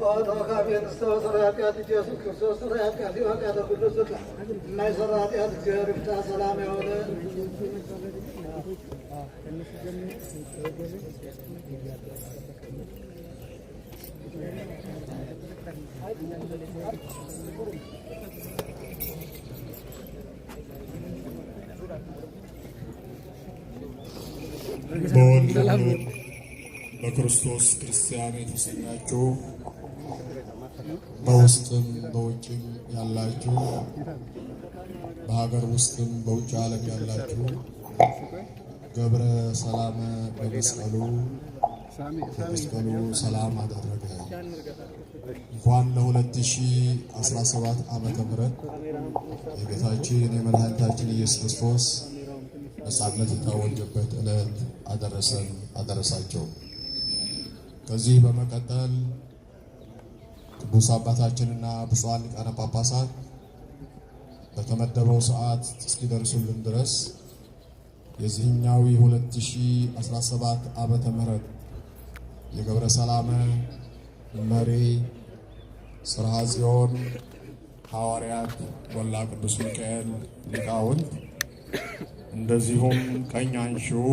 ወእቶከ ቤትስተው ኢየሱስ ክርስቶስ ስራ ኃጢአት ኃጢአተ ሰላም የሆነ በክርስቶስ ክርስቲያን የተሰኛችሁ በውስጥም በውጭም ያላችሁ በሀገር ውስጥም በውጭ ዓለም ያላችሁ ገብረ ሰላመ በመስቀሉ በመስቀሉ ሰላም አደረገ። እንኳን ለ2017 ዓመተ ምህረት የጌታችን የመድኃኒታችን ኢየሱስ ክርስቶስ ነጻነት የታወጀበት ዕለት አደረሰን አደረሳቸው። ከዚህ በመቀጠል ቅዱስ አባታችንና ብፁዓን ሊቃነ ጳጳሳት በተመደበው ሰዓት እስኪደርሱልን ድረስ የዚህኛው 2017 ዓመተ ምህረት የገብረ ሰላመ መሪ ስርሐ ጽዮን ሐዋርያት ወላ ቅዱስ ሚካኤል ሊቃውንት እንደዚሁም ቀኝ አንሺው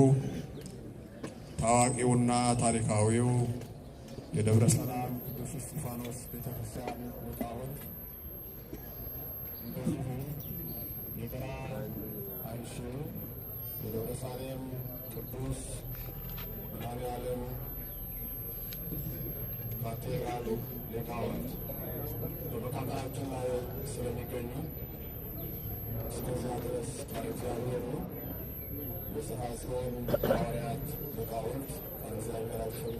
ታዋቂውና ታሪካዊው የደብረ ሰላም ቅዱስ እስጢፋኖስ ቤተክርስቲያን ሊቃውንት እንደዚሁ የገራ አይሽ የደብረሳሌም ቅዱስ መድኃኔዓለም ፓትርያርክ ሊቃውንት በመካከላችን ላይ ስለሚገኙ እስከዚያ ድረስ ከእግዚአብሔር የሰዓስውን ሐዋርያት ሊቃውንት ከእግዚአብሔራችን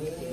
Gracias.